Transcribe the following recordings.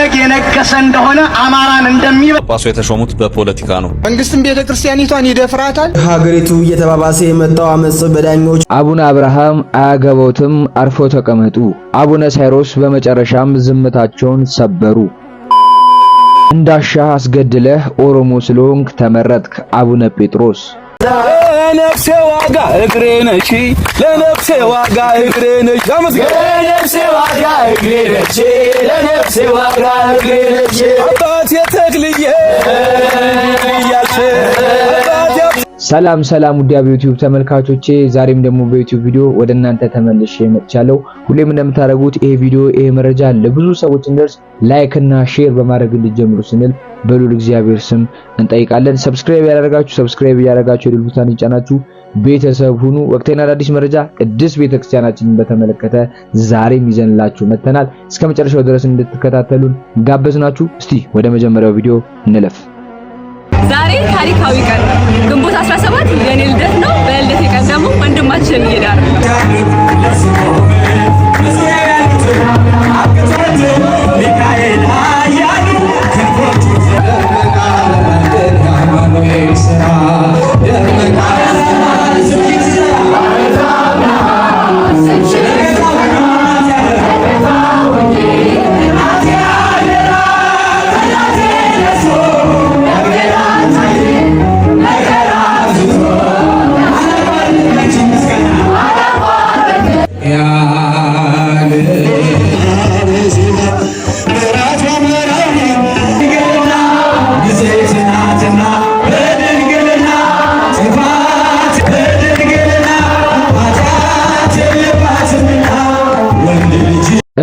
ደመነግ የነገሰ እንደሆነ አማራን እንደሚበ ጳጳሱ የተሾሙት በፖለቲካ ነው። መንግስትም ቤተ ክርስቲያኒቷን ይደፍራታል። ሀገሪቱ እየተባባሰ የመጣው አመጽ በዳኞች አቡነ አብርሃም አያገባውትም አርፎ ተቀመጡ። አቡነ ሳይሮስ በመጨረሻም ዝምታቸውን ሰበሩ። እንዳሻህ አስገድለህ ኦሮሞ ስለሆንክ ተመረጥክ። አቡነ ጴጥሮስ ለነፍሴ ዋጋ እግሬ ነች ለነፍሴ ዋጋ እግሬ ነሽ ለነፍሴ ዋጋ እግሬ ነሽ ለነፍሴ ዋጋ እግሬ ነሽ አባት የተክልዬ እያልሽ ሰላም ሰላም ውዲያ በዩቲዩብ ተመልካቾቼ ዛሬም ደግሞ በዩቲዩብ ቪዲዮ ወደ እናንተ ተመልሼ መጥቻለሁ። ሁሌም እንደምታደርጉት ይሄ ቪዲዮ ይሄ መረጃ ለብዙ ሰዎች እንደርስ ላይክ እና ሼር በማድረግ እንድጀምሩ ስንል በሉል እግዚአብሔር ስም እንጠይቃለን። ሰብስክራይብ ያደረጋችሁ ሰብስክራይብ ያደረጋችሁ የደወል ቡታን ይጫናችሁ ቤተሰብ ሁኑ። ወቅታዊና አዳዲስ መረጃ ቅድስት ቤተክርስቲያናችንን በተመለከተ ዛሬም ይዘንላችሁ መጥተናል። እስከ መጨረሻው ድረስ እንድትከታተሉን ጋበዝናችሁ። እስቲ ወደ መጀመሪያው ቪዲዮ እንለፍ። ዛሬ ታሪካዊ ቀን ግንቦት 17 የኔ ልደት ነው። በልደት ቀን ደግሞ ወንድማችን እየዳር ነው።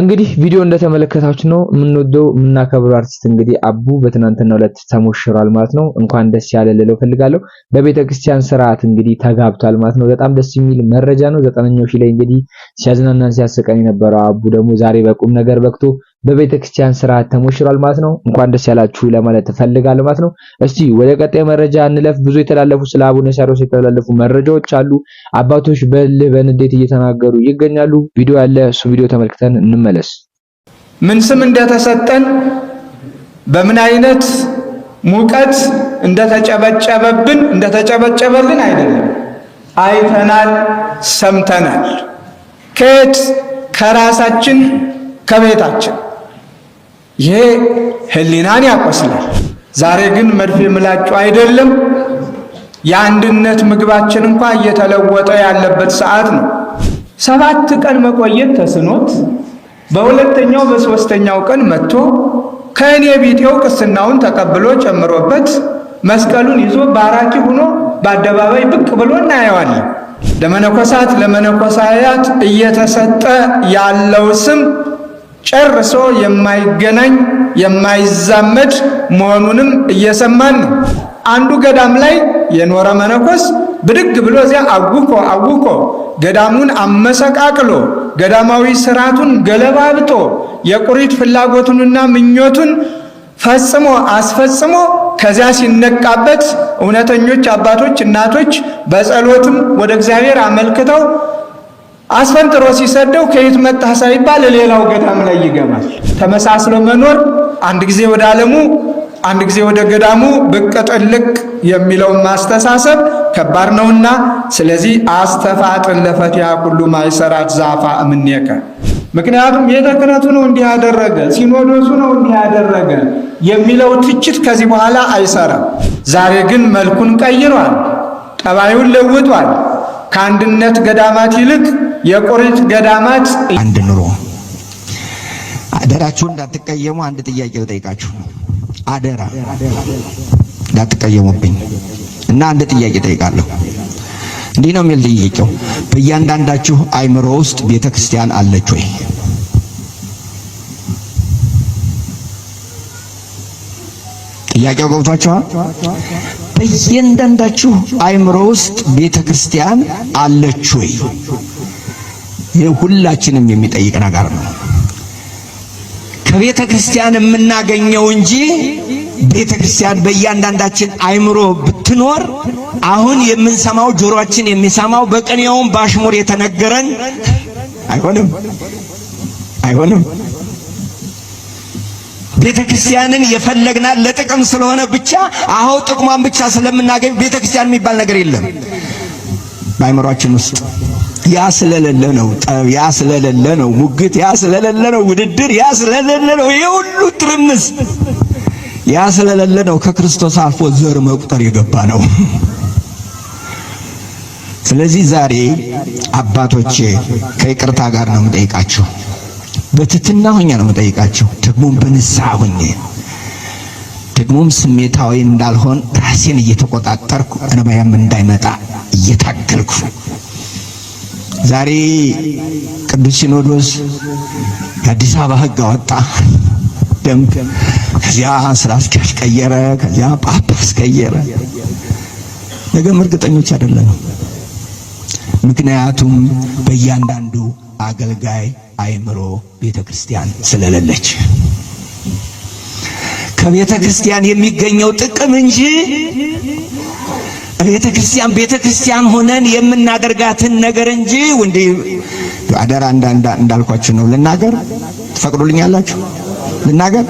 እንግዲህ ቪዲዮ እንደተመለከታችሁ ነው። የምንወደው የምናከብረው አርቲስት እንግዲህ አቡ በትናንትና ዕለት ተሞሽሯል ማለት ነው። እንኳን ደስ ያለ ልለው ፈልጋለሁ። በቤተ ክርስቲያን ስርዓት እንግዲህ ተጋብቷል ማለት ነው። በጣም ደስ የሚል መረጃ ነው። ዘጠነኛው ሺ ላይ እንግዲህ ሲያዝናናን ሲያስቀን የነበረው አቡ ደግሞ ዛሬ በቁም ነገር በቅቶ በቤተክርስቲያን ስርዓት ተሞሽሯል ማለት ነው። እንኳን ደስ ያላችሁ ለማለት እፈልጋለሁ ማለት ነው። እስቲ ወደ ቀጣይ መረጃ እንለፍ። ብዙ የተላለፉ ስለ አቡነ ሳዊሮስ የተላለፉ መረጃዎች አሉ። አባቶች በልህ በንዴት እየተናገሩ ይገኛሉ። ቪዲዮ ያለ እሱ ቪዲዮ ተመልክተን እንመለስ። ምን ስም እንደተሰጠን በምን አይነት ሙቀት እንደተጨበጨበብን እንደተጨበጨበልን አይደለም፣ አይተናል፣ ሰምተናል። ከየት ከራሳችን ከቤታችን ይሄ ህሊናን ያቆስላል። ዛሬ ግን መድፌ ምላጩ አይደለም የአንድነት ምግባችን እንኳ እየተለወጠ ያለበት ሰዓት ነው። ሰባት ቀን መቆየት ተስኖት በሁለተኛው በሶስተኛው ቀን መጥቶ ከእኔ ቢጤው ቅስናውን ተቀብሎ ጨምሮበት መስቀሉን ይዞ ባራኪ ሆኖ በአደባባይ ብቅ ብሎ እናየዋለን። ለመነኮሳት ለመነኮሳያት እየተሰጠ ያለው ስም ጨርሶ የማይገናኝ የማይዛመድ መሆኑንም እየሰማን ነው። አንዱ ገዳም ላይ የኖረ መነኮስ ብድግ ብሎ እዚያ አውኮ አውኮ ገዳሙን አመሰቃቅሎ ገዳማዊ ስርዓቱን ገለባብጦ የቁሪት ፍላጎቱንና ምኞቱን ፈጽሞ አስፈጽሞ ከዚያ ሲነቃበት እውነተኞች አባቶች እናቶች በጸሎትም ወደ እግዚአብሔር አመልክተው አስፈንጥሮ ሲሰደው ከየት መጣ ሳይባል ሌላው ገዳም ላይ ይገባል። ተመሳስሎ መኖር አንድ ጊዜ ወደ ዓለሙ አንድ ጊዜ ወደ ገዳሙ ብቅ ጥልቅ የሚለውን ማስተሳሰብ ከባድ ነውና፣ ስለዚህ አስተፋጥን ለፈቲሃ ሁሉ ማይሰራት ዛፋ እምኔከ። ምክንያቱም ቤተ ክህነቱ ነው እንዲህ ያደረገ፣ ሲኖዶሱ ነው እንዲህ ያደረገ የሚለው ትችት ከዚህ በኋላ አይሰራም። ዛሬ ግን መልኩን ቀይሯል፣ ጠባዩን ለውጧል። ከአንድነት ገዳማት ይልቅ የቁርጭ ገዳማት አንድ ኑሮ አደራችሁ እንዳትቀየሙ። አንድ ጥያቄ ልጠይቃችሁ፣ አደራ እንዳትቀየሙብኝ እና አንድ ጥያቄ ጠይቃለሁ። እንዲህ ነው የሚል ጥያቄው፣ በእያንዳንዳችሁ አይምሮ ውስጥ ቤተ ክርስቲያን አለች ወይ? ጥያቄው ገብቷችኋል? በእያንዳንዳችሁ አይምሮ ውስጥ ቤተ ክርስቲያን አለች ወይ? ሁላችንም የሚጠይቅ ነገር ነው። ከቤተ ክርስቲያን የምናገኘው እንጂ ቤተ ክርስቲያን በእያንዳንዳችን አይምሮ ብትኖር አሁን የምንሰማው ጆሮአችን የሚሰማው በቅኔውም ባሽሙር የተነገረን አይሆንም አይሆንም። ቤተ ክርስቲያንን የፈለግናት ለጥቅም ስለሆነ ብቻ አሁን ጥቅሟን ብቻ ስለምናገኝ ቤተ ክርስቲያን የሚባል ነገር የለም በአይምሯችን ውስጥ ያ ስለሌለ ነው ጠብ፣ ያ ስለሌለ ነው ሙግት፣ ያ ስለሌለ ነው ውድድር፣ ያ ስለሌለ ነው ይሄ ሁሉ ትርምስ፣ ያ ስለሌለ ነው ከክርስቶስ አልፎ ዘር መቁጠር የገባ ነው። ስለዚህ ዛሬ አባቶቼ ከይቅርታ ጋር ነው የምጠይቃቸው። በትትና ሆኜ ነው የምጠይቃቸው፣ ደግሞም በንስሐ ሆኜ ደግሞም ስሜታዊ እንዳልሆን ራሴን እየተቆጣጠርኩ እንባዬም እንዳይመጣ እየታገልኩ ዛሬ ቅዱስ ሲኖዶስ የአዲስ አበባ ህግ አወጣ ደንብ። ከዚያ ስራ አስኪያጅ ቀየረ፣ ከዚያ ጳጳስ ቀየረ። ነገም እርግጠኞች አይደለንም። ምክንያቱም በእያንዳንዱ አገልጋይ አእምሮ ቤተ ክርስቲያን ስለሌለች ከቤተ ክርስቲያን የሚገኘው ጥቅም እንጂ ቤተ ክርስቲያን ቤተ ክርስቲያን ሆነን የምናደርጋትን ነገር እንጂ እንዲህ አደራ እንዳልኳችሁ ነው። ልናገር ትፈቅዱልኛላችሁ? ልናገር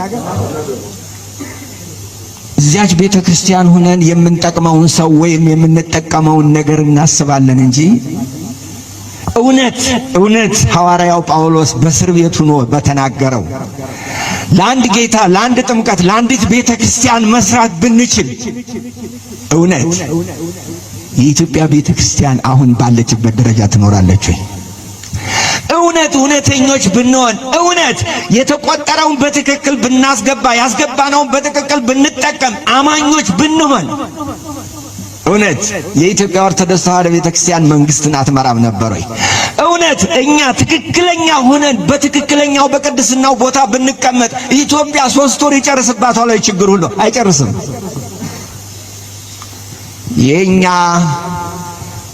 እዚያች ቤተ ክርስቲያን ሆነን የምንጠቅመውን ሰው ወይም የምንጠቀመውን ነገር እናስባለን እንጂ እውነት እውነት ሐዋርያው ጳውሎስ በእስር ቤት ሆኖ በተናገረው ለአንድ ጌታ፣ ለአንድ ጥምቀት፣ ለአንዲት ቤተ ክርስቲያን መስራት ብንችል እውነት የኢትዮጵያ ቤተ ክርስቲያን አሁን ባለችበት ደረጃ ትኖራለች ወይ? እውነት እውነተኞች ብንሆን እውነት የተቆጠረውን በትክክል ብናስገባ ያስገባነውን በትክክል ብንጠቀም አማኞች ብንሆን እውነት የኢትዮጵያ ኦርቶዶክስ ተዋሕዶ ቤተክርስቲያን መንግስትን አትመራም ነበር ወይ? እውነት እኛ ትክክለኛ ሆነን በትክክለኛው በቅድስናው ቦታ ብንቀመጥ ኢትዮጵያ ሶስት ወር ይጨርስባታል። ላይ ችግር ሁሉ አይጨርስም። የኛ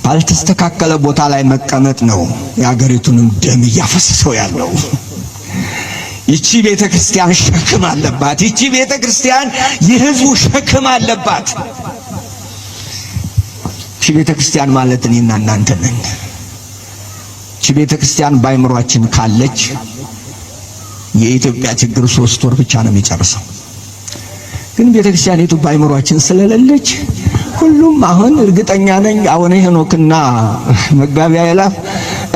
ባልተስተካከለ ቦታ ላይ መቀመጥ ነው የሀገሪቱንም ደም እያፈሰሰው ያለው። ይቺ ቤተ ክርስቲያን ሸክም አለባት። ይቺ ቤተ ክርስቲያን የህዝቡ ሸክም አለባት። ይቺ ቤተ ክርስቲያን ማለት እኔና እናንተ ነን። እቺ ቤተ ክርስቲያን ባይምሯችን ካለች የኢትዮጵያ ችግር ሶስት ወር ብቻ ነው የሚጨርሰው። ግን ቤተ ክርስቲያኒቱ ባይምሯችን ስለሌለች ሁሉም አሁን እርግጠኛ ነኝ አቡነ ሄኖክና መጋቢያ ይላፍ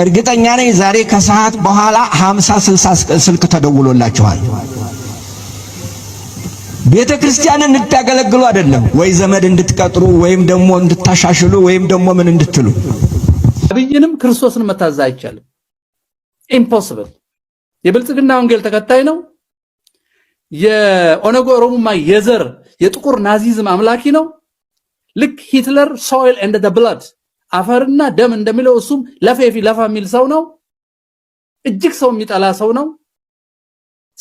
እርግጠኛ ነኝ ዛሬ ከሰዓት በኋላ 50 60 ስልክ ተደውሎላቸዋል። ቤተ ክርስቲያንን እንድታገለግሉ አይደለም ወይ ዘመድ እንድትቀጥሩ ወይም ደግሞ እንድታሻሽሉ ወይም ደግሞ ምን እንድትሉ ነብይንም ክርስቶስን መታዘዝ አይቻልም። ኢምፖስብል የብልጽግና ወንጌል ተከታይ ነው። የኦነጎ ኦሮሙማ የዘር የጥቁር ናዚዝም አምላኪ ነው። ልክ ሂትለር ሶይል ኤንድ ዘ ብላድ አፈርና ደም እንደሚለው እሱም ለፌፊ ለፋ የሚል ሰው ነው። እጅግ ሰው የሚጠላ ሰው ነው።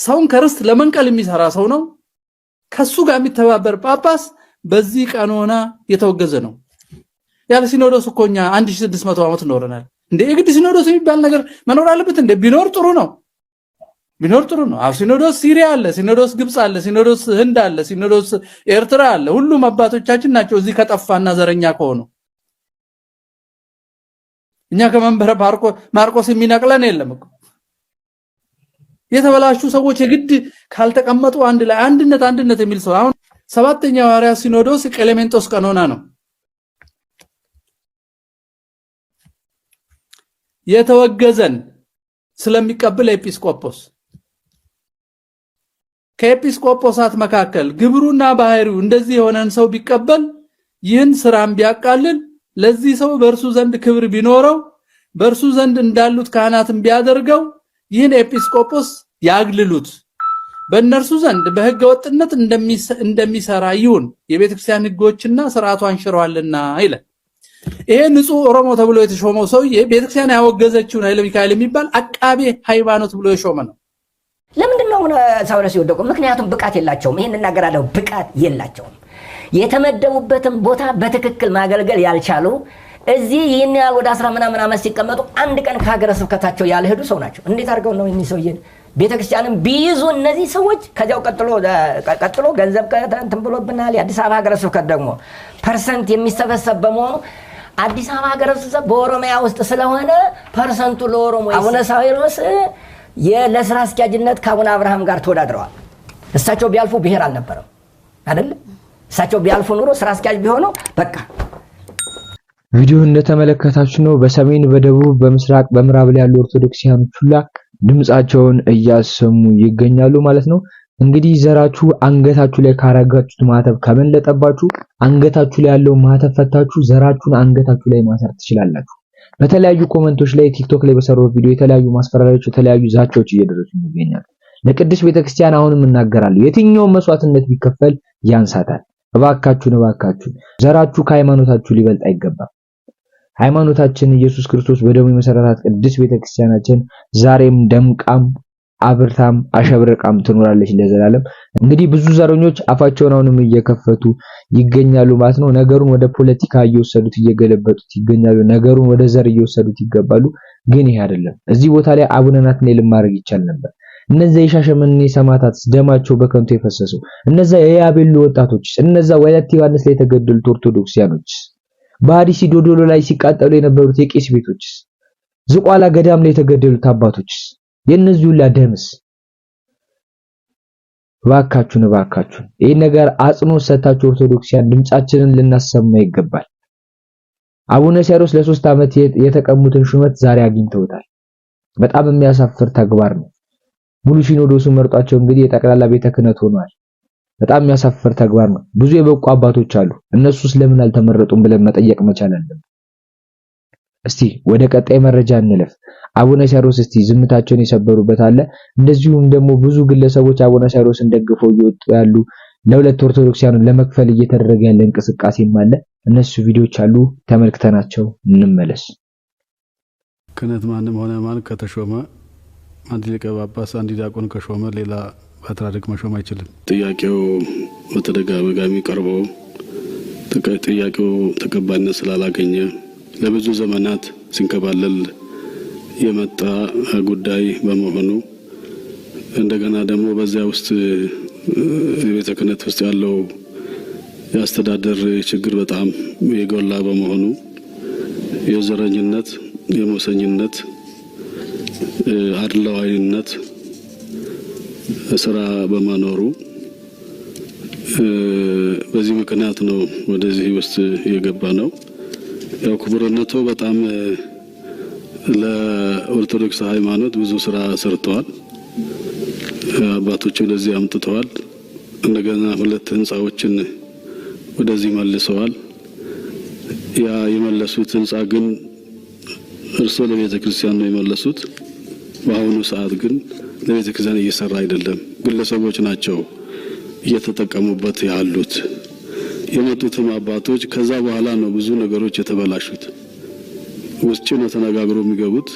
ሰውን ከርስት ለመንቀል የሚሰራ ሰው ነው። ከሱ ጋር የሚተባበር ጳጳስ በዚህ ቀኖና የተወገዘ ነው። ያለ ሲኖዶስ እኮ እኛ አንድ ሺህ ስድስት መቶ ዓመት እንደ የግድ ሲኖዶስ የሚባል ነገር መኖር አለበት እንደ ቢኖር ጥሩ ነው ቢኖር ጥሩ ነው። አብ ሲኖዶስ ሲሪያ አለ፣ ሲኖዶስ ግብፅ አለ፣ ሲኖዶስ ህንድ አለ፣ ሲኖዶስ ኤርትራ አለ። ሁሉም አባቶቻችን ናቸው። እዚህ ከጠፋና ዘረኛ ከሆኑ እኛ ከመንበረ ማርቆስ የሚነቅለን የለም እኮ የተበላሹ ሰዎች የግድ ካልተቀመጡ አንድ ላይ አንድነት አንድነት የሚል ሰው አሁን ሰባተኛው ሐዋርያ ሲኖዶስ ቀሌሜንጦስ ቀኖና ነው። የተወገዘን ስለሚቀበል ኤጲስቆጶስ ከኤጲስቆጶሳት መካከል ግብሩና ባህሪው እንደዚህ የሆነን ሰው ቢቀበል ይህን ስራም ቢያቃልል ለዚህ ሰው በእርሱ ዘንድ ክብር ቢኖረው በእርሱ ዘንድ እንዳሉት ካህናትን ቢያደርገው ይህን ኤጲስቆጶስ ያግልሉት፣ በእነርሱ ዘንድ በሕገ ወጥነት እንደሚሰራ ይሁን፣ የቤተክርስቲያን ሕጎችና ስርዓቷን ሽሯልና ይላል። ይሄ ንጹህ ኦሮሞ ተብሎ የተሾመው ሰውዬ ቤተክርስቲያን ያወገዘችውን ኃይለ ሚካኤል የሚባል አቃቤ ሃይማኖት ብሎ የሾመ ነው። ለምንድን ነው ሳውለ ሲወደቁ? ምክንያቱም ብቃት የላቸውም። ይህን እናገራለሁ። ብቃት የላቸውም። የተመደቡበትን ቦታ በትክክል ማገልገል ያልቻሉ እዚህ ይህን ያህል ወደ አስራ ምናምን ዓመት ሲቀመጡ አንድ ቀን ከሀገረ ስብከታቸው ያልሄዱ ሰው ናቸው። እንዴት አድርገው ነው ሰው ሰውዬን ቤተክርስቲያንም ቢይዙ እነዚህ ሰዎች ከዚያው ቀጥሎ ገንዘብ እንትን ብሎብናል። የአዲስ አበባ ሀገረ ስብከት ደግሞ ፐርሰንት የሚሰበሰብ በመሆኑ አዲስ አበባ ሀገረ ስብሰባ በኦሮሚያ ውስጥ ስለሆነ ፐርሰንቱ ለኦሮሞ። አቡነ ሳዊሮስ ለስራ አስኪያጅነት ከአቡነ አብርሃም ጋር ተወዳድረዋል። እሳቸው ቢያልፉ ብሔር አልነበረም አይደለም እሳቸው ቢያልፉ ኑሮ ስራ አስኪያጅ ቢሆኑ በቃ ቪዲዮ እንደተመለከታችሁ ነው። በሰሜን በደቡብ በምስራቅ በምዕራብ ላይ ያሉ ኦርቶዶክሲያን ሁላ ድምጻቸውን እያሰሙ ይገኛሉ ማለት ነው። እንግዲህ ዘራችሁ አንገታችሁ ላይ ካረጋችሁት ማተብ ከበለጠባችሁ አንገታችሁ ላይ ያለው ማተብ ፈታችሁ ዘራችሁን አንገታችሁ ላይ ማሰር ትችላላችሁ። በተለያዩ ኮመንቶች ላይ ቲክቶክ ላይ በሰሩ ቪዲዮ የተለያዩ ማስፈራሪያዎች፣ የተለያዩ ዛቻዎች እየደረሱ ይገኛሉ። ለቅድስት ቤተክርስቲያን አሁንም እናገራለሁ፣ የትኛውን መስዋዕትነት ቢከፈል ያንሳታል። እባካችሁን እባካችሁን ዘራችሁ ከሃይማኖታችሁ ሊበልጥ አይገባም። ሃይማኖታችን ኢየሱስ ክርስቶስ በደሙ የመሰረታት ቅድስት ቤተክርስቲያናችን ዛሬም ደምቃም አብርታም አሸብርቃም ትኖራለች ለዘላለም። እንግዲህ ብዙ ዘረኞች አፋቸውን አሁንም እየከፈቱ ይገኛሉ ማለት ነው። ነገሩን ወደ ፖለቲካ እየወሰዱት እየገለበጡት ይገኛሉ። ነገሩን ወደ ዘር እየወሰዱት ይገባሉ። ግን ይሄ አይደለም። እዚህ ቦታ ላይ አቡነ ናትናኤልን ማድረግ ይቻል ነበር። እነዛ የሻሸመኔ ሰማዕታት ደማቸው በከንቱ የፈሰሰው እነዛ የያቤሎ ወጣቶች፣ እነዛ ወለት ዮሐንስ ላይ የተገደሉት ኦርቶዶክሲያኖች፣ በአዲሲ ዶዶሎ ላይ ሲቃጠሉ የነበሩት የቄስ ቤቶች፣ ዝቋላ ገዳም ላይ የተገደሉት አባቶች የእነዚህ ሁላ ደምስ? እባካችሁን እባካችሁን ይህን ነገር አጽንኦት ሰታችሁ ኦርቶዶክሲያን ድምጻችንን ልናሰማ ይገባል። አቡነ ሳይሮስ ለሶስት ዓመት የተቀሙትን ሹመት ዛሬ አግኝተውታል። በጣም የሚያሳፍር ተግባር ነው። ሙሉ ሲኖዶሱ መርጧቸው እንግዲህ የጠቅላላ ቤተ ክህነት ሆኗል። በጣም የሚያሳፍር ተግባር ነው። ብዙ የበቁ አባቶች አሉ። እነሱስ ለምን አልተመረጡም ብለን መጠየቅ መቻል አለብን። እስቲ ወደ ቀጣይ መረጃ እንለፍ። አቡነ ሳይሮስ እስቲ ዝምታቸውን የሰበሩበት አለ። እንደዚሁም ደግሞ ብዙ ግለሰቦች አቡነ ሳይሮስን ደግፈው እየወጡ ያሉ ለሁለት ኦርቶዶክሳውያን ለመክፈል እየተደረገ ያለ እንቅስቃሴም አለ። እነሱ ቪዲዮዎች አሉ፣ ተመልክተናቸው እንመለስ። ክህነት ማንም ሆነ ማን ከተሾመ አንድ ሊቀ ጳጳስ አንድ ዲያቆን ከሾመ ሌላ በትራድቅ መሾም አይችልም። ጥያቄው በተደጋጋሚ ቀርቦ ጥያቄው ተቀባይነት ስላላገኘ ለብዙ ዘመናት ሲንከባለል የመጣ ጉዳይ በመሆኑ እንደገና ደግሞ በዚያ ውስጥ የቤተ ክህነት ውስጥ ያለው የአስተዳደር ችግር በጣም የጎላ በመሆኑ የዘረኝነት፣ የሞሰኝነት፣ አድለዋይነት ስራ በመኖሩ በዚህ ምክንያት ነው ወደዚህ ውስጥ የገባ ነው። ያው ክቡርነቱ በጣም ለኦርቶዶክስ ሃይማኖት ብዙ ስራ ሰርተዋል። አባቶች ወደዚህ አምጥተዋል። እንደገና ሁለት ህንፃዎችን ወደዚህ መልሰዋል። ያ የመለሱት ህንፃ ግን እርስዎ ለቤተ ክርስቲያን ነው የመለሱት። በአሁኑ ሰዓት ግን ለቤተ ክርስቲያን እየሰራ አይደለም፣ ግለሰቦች ናቸው እየተጠቀሙበት ያሉት። የመጡትም አባቶች ከዛ በኋላ ነው ብዙ ነገሮች የተበላሹት። ውስጭ ነው ተነጋግሮ የሚገቡት።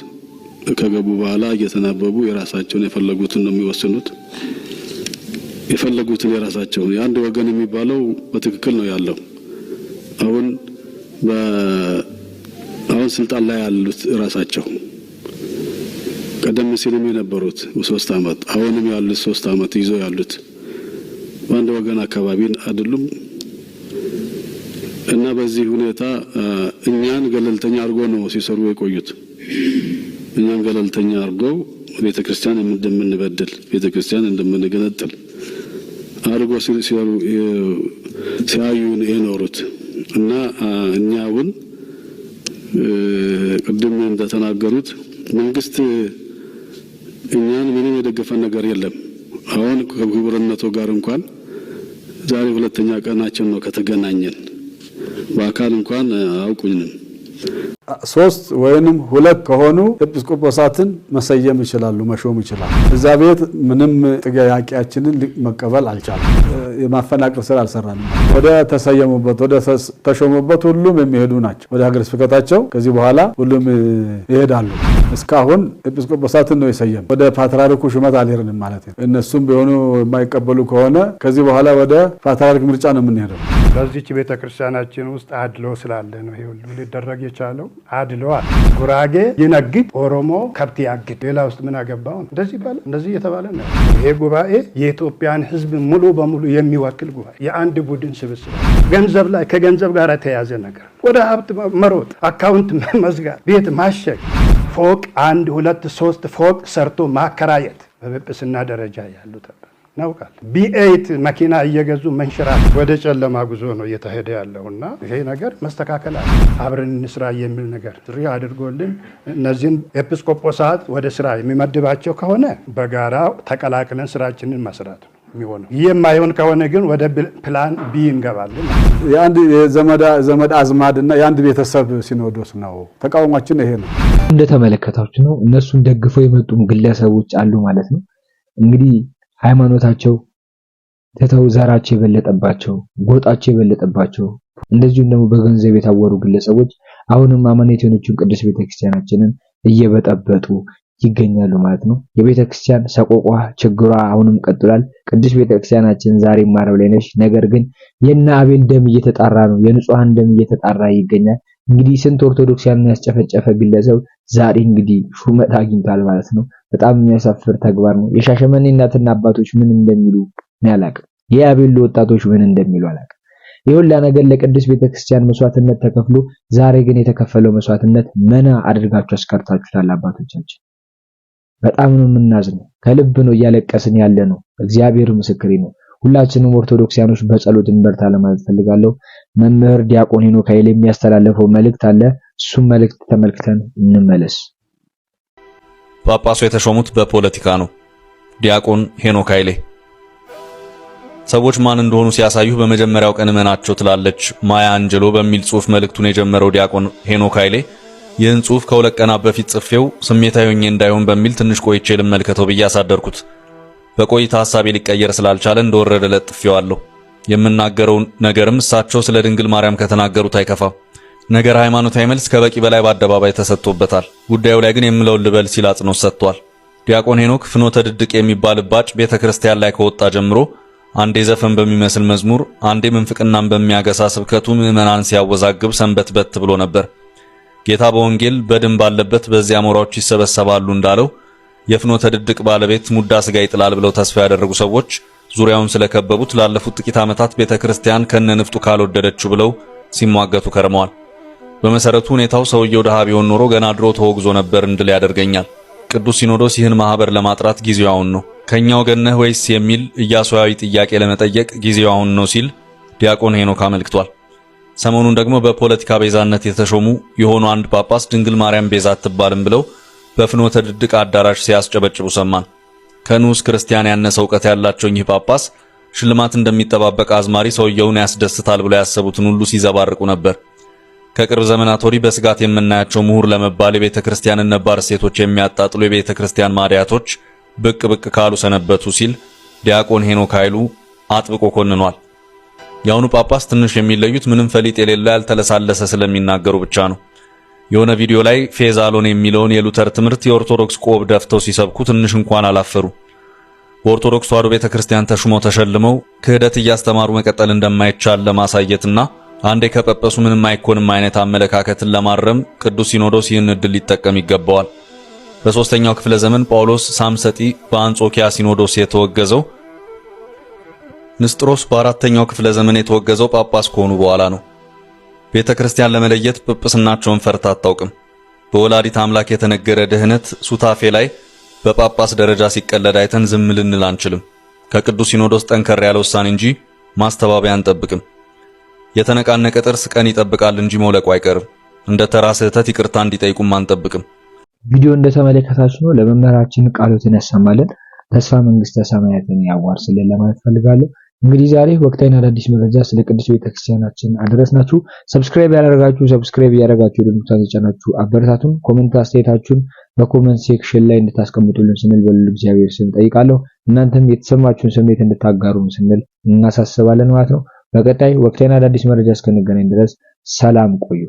ከገቡ በኋላ እየተናበቡ የራሳቸውን የፈለጉትን ነው የሚወስኑት። የፈለጉትን የራሳቸውን የአንድ ወገን የሚባለው በትክክል ነው ያለው። አሁን አሁን ስልጣን ላይ ያሉት ራሳቸው ቀደም ሲልም የነበሩት ሶስት አመት አሁንም ያሉት ሶስት አመት ይዞ ያሉት በአንድ ወገን አካባቢ አይደሉም። እና በዚህ ሁኔታ እኛን ገለልተኛ አድርጎ ነው ሲሰሩ የቆዩት። እኛን ገለልተኛ አድርገው ቤተ ክርስቲያን እንደምንበድል፣ ቤተ ክርስቲያን እንደምንገነጥል አድርጎ ሲያዩን የኖሩት እና እኛውን ቅድም እንደተናገሩት መንግስት እኛን ምንም የደገፈን ነገር የለም። አሁን ከክቡርነቱ ጋር እንኳን ዛሬ ሁለተኛ ቀናችን ነው ከተገናኘን። በአካል እንኳን አያውቁኝም። ሶስት ወይንም ሁለት ከሆኑ ኤጲስቆጶሳትን መሰየም ይችላሉ፣ መሾም ይችላሉ። እዛ ቤት ምንም ጥያቄያችንን መቀበል አልቻለም። የማፈናቀል ስራ አልሰራንም። ወደ ተሰየሙበት ወደ ተሾሙበት ሁሉም የሚሄዱ ናቸው። ወደ ሀገረ ስብከታቸው ከዚህ በኋላ ሁሉም ይሄዳሉ። እስካሁን ኤጲስቆጶሳትን ነው የሰየም። ወደ ፓትርያርኩ ሹመት አልሄድንም ማለት ነው። እነሱም ቢሆኑ የማይቀበሉ ከሆነ ከዚህ በኋላ ወደ ፓትርያርክ ምርጫ ነው የምንሄደው። በዚች ቤተ ክርስቲያናችን ውስጥ አድሎ ስላለ ነው ይሄ ሁሉ ሊደረግ የቻለው። አለ። ጉራጌ ይነግድ፣ ኦሮሞ ከብት ያግድ። ሌላ ውስጥ ምን አገባው ነው? እንደዚህ ይባላል። እንደዚህ እየተባለ ነው። ይሄ ጉባኤ የኢትዮጵያን ሕዝብ ሙሉ በሙሉ የሚወክል ጉባኤ፣ የአንድ ቡድን ስብስብ። ገንዘብ ላይ ከገንዘብ ጋር የተያዘ ነገር፣ ወደ ሀብት መሮጥ፣ አካውንት መዝጋት፣ ቤት ማሸግ፣ ፎቅ አንድ ሁለት ሶስት ፎቅ ሰርቶ ማከራየት በጵጵስና ደረጃ ያሉ ናውቃል ቢኤይት መኪና እየገዙ መንሽራት ወደ ጨለማ ጉዞ ነው እየተሄደ ያለው እና ይሄ ነገር መስተካከል አለ። አብረን እንስራ የሚል ነገር ጥሪ አድርጎልን እነዚህን ኤጲስቆጶሳት ወደ ስራ የሚመድባቸው ከሆነ በጋራ ተቀላቅለን ስራችንን መስራት ነው የሚሆነው። የማይሆን ከሆነ ግን ወደ ፕላን ቢ እንገባለን። የአንድ ዘመድ አዝማድ እና የአንድ ቤተሰብ ሲኖዶስ ነው። ተቃውሟችን ይሄ ነው። እንደተመለከታችሁ ነው። እነሱን ደግፈው የመጡም ግለሰቦች አሉ ማለት ነው እንግዲህ ሃይማኖታቸው ትተው ዘራቸው የበለጠባቸው፣ ጎጣቸው የበለጠባቸው እንደዚሁም ደግሞ በገንዘብ የታወሩ ግለሰቦች አሁንም አማኔት የሆነችውን ቅዱስ ቤተክርስቲያናችንን እየበጠበጡ ይገኛሉ ማለት ነው። የቤተክርስቲያን ሰቆቋ ችግሯ አሁንም ቀጥሏል። ቅዱስ ቤተክርስቲያናችን ዛሬ ማረብ ላይ ነች። ነገር ግን የነ አቤል ደም እየተጣራ ነው። የንጹሃን ደም እየተጣራ ይገኛል። እንግዲህ ስንት ኦርቶዶክሳውያንን ያስጨፈጨፈ ግለሰብ ዛሬ እንግዲህ ሹመት አግኝቷል ማለት ነው። በጣም የሚያሳፍር ተግባር ነው። የሻሸመኔ እናትና አባቶች ምን እንደሚሉ አላቅም። የያቤሎ ወጣቶች ምን እንደሚሉ አላቅም። የሁላ ነገር ለቅዱስ ቤተክርስቲያን መስዋዕትነት ተከፍሎ ዛሬ ግን የተከፈለው መስዋዕትነት መና አድርጋችሁ አስቀርታችሁታል። አባቶቻችን በጣም ነው የምናዝነው፣ ከልብ ነው እያለቀስን ያለ ነው። እግዚአብሔር ምስክሬ ነው። ሁላችንም ኦርቶዶክሲያኖች በጸሎት እንበርታ ለማለት ፈልጋለሁ። መምህር ዲያቆን ሄኖክ ኃይሌ የሚያስተላልፈው መልእክት አለ። እሱም መልእክት ተመልክተን እንመለስ። ጳጳሱ የተሾሙት በፖለቲካ ነው። ዲያቆን ሄኖክ ኃይሌ ሰዎች ማን እንደሆኑ ሲያሳዩ በመጀመሪያው ቀን እመናቸው ትላለች ማያ አንጀሎ በሚል ጽሑፍ መልእክቱን የጀመረው ዲያቆን ሄኖክ ኃይሌ ይህን ጽሑፍ ከሁለት ቀናት በፊት ጽፌው ስሜታዊ ሆኜ እንዳይሆን በሚል ትንሽ ቆይቼ ልመልከተው ብዬ አሳደርኩት። በቆይታ ሐሳቤ ሊቀየር ስላልቻለ እንደወረደ ለጥፌዋለሁ። የምናገረው ነገርም እሳቸው ስለ ድንግል ማርያም ከተናገሩት አይከፋም። ነገር ሃይማኖታዊ መልስ ከበቂ በላይ በአደባባይ ተሰጥቶበታል። ጉዳዩ ላይ ግን የምለውን ልበል ሲል አጽንኦት ሰጥቷል። ዲያቆን ሄኖክ ፍኖተ ድድቅ የሚባል እባጭ ቤተ ክርስቲያን ላይ ከወጣ ጀምሮ አንዴ ዘፈን በሚመስል መዝሙር፣ አንዴ ምንፍቅናን በሚያገሳ ስብከቱ ምዕመናን ሲያወዛግብ ሰንበት በት ብሎ ነበር። ጌታ በወንጌል በድን ባለበት በዚያ ሞራዎች ይሰበሰባሉ እንዳለው የፍኖተ ድድቅ ባለቤት ሙዳ ስጋ ይጥላል ብለው ተስፋ ያደረጉ ሰዎች ዙሪያውን ስለከበቡት ላለፉት ጥቂት ዓመታት ቤተ ክርስቲያን ከነ ንፍጡ ካልወደደችው ብለው ሲሟገቱ ከርመዋል። በመሰረቱ ሁኔታው ሰውየው ድሃ ቢሆን ኖሮ ገና ድሮ ተወግዞ ነበር እንድል ያደርገኛል። ቅዱስ ሲኖዶስ ይህን ማህበር ለማጥራት ጊዜው አሁን ነው፣ ከኛው ገነ ወይስ የሚል ኢያሱያዊ ጥያቄ ለመጠየቅ ጊዜው አሁን ነው ሲል ዲያቆን ሄኖክ አመልክቷል። ሰሞኑን ደግሞ በፖለቲካ ቤዛነት የተሾሙ የሆኑ አንድ ጳጳስ ድንግል ማርያም ቤዛ አትባልም ብለው በፍኖተ ድድቅ አዳራሽ ሲያስጨበጭቡ ሰማን። ከንዑስ ክርስቲያን ያነሰ እውቀት ያላቸው እኚህ ጳጳስ ሽልማት እንደሚጠባበቅ አዝማሪ ሰውየውን ያስደስታል ብለው ያሰቡትን ሁሉ ሲዘባርቁ ነበር። ከቅርብ ዘመናት ወዲህ በስጋት የምናያቸው ምሁር ለመባል የቤተ ክርስቲያንን ነባር እሴቶች የሚያጣጥሉ የቤተ ክርስቲያን ማዲያቶች ብቅ ብቅ ካሉ ሰነበቱ ሲል ዲያቆን ሄኖክ ኃይሉ አጥብቆ ኮንኗል። የአሁኑ ጳጳስ ትንሽ የሚለዩት ምንም ፈሊጥ የሌለ ያልተለሳለሰ ስለሚናገሩ ብቻ ነው። የሆነ ቪዲዮ ላይ ፌዛሎን የሚለውን የሉተር ትምህርት የኦርቶዶክስ ቆብ ደፍተው ሲሰብኩ ትንሽ እንኳን አላፈሩ። በኦርቶዶክስ ተዋሕዶ ቤተ ክርስቲያን ተሹመው ተሸልመው ክህደት እያስተማሩ መቀጠል እንደማይቻል ለማሳየትና አንዴ ከጳጳሱ ምንም አይኮንም አይነት አመለካከትን ለማረም ቅዱስ ሲኖዶስ ይህን እድል ሊጠቀም ይገባዋል። በሦስተኛው ክፍለ ዘመን ጳውሎስ ሳምሰጢ በአንጾኪያ ሲኖዶስ የተወገዘው ንስጥሮስ በአራተኛው ክፍለ ዘመን የተወገዘው ጳጳስ ከሆኑ በኋላ ነው። ቤተ ክርስቲያን ለመለየት ጵጵስናቸውን ፈርታ አታውቅም። በወላዲት አምላክ የተነገረ ድህነት ሱታፌ ላይ በጳጳስ ደረጃ ሲቀለድ አይተን ዝም ልንል አንችልም። ከቅዱስ ሲኖዶስ ጠንከር ያለ ውሳኔ እንጂ ማስተባበያ አንጠብቅም። የተነቃነቀ ጥርስ ቀን ይጠብቃል እንጂ መውለቁ አይቀርም። እንደ ተራ ስህተት ይቅርታ እንዲጠይቁም አንጠብቅም። ቪዲዮ እንደተመለከታችሁ ነው። ለመምህራችን ቃሎትን ያሰማልን፣ ተስፋ መንግስተ ሰማያትን ያዋርስልን ለማለት ፈልጋለሁ። እንግዲህ ዛሬ ወቅታዊና አዳዲስ መረጃ ስለ ቅዱስ ቤተክርስቲያናችን አደረስናችሁ። ሰብስክራይብ ያላደረጋችሁ ሰብስክራይብ እያደረጋችሁ ደግሞ የጫናችሁ አበረታቱን። ኮሜንት አስተያየታችሁን በኮሜንት ሴክሽን ላይ እንድታስቀምጡልን ስንል በሉ እግዚአብሔር ስም ጠይቃለሁ። እናንተም የተሰማችሁን ስሜት እንድታጋሩን ስንል እናሳስባለን ማለት ነው። በቀጣይ ወቅታዊና አዳዲስ መረጃ እስክንገናኝ ድረስ ሰላም ቆዩ።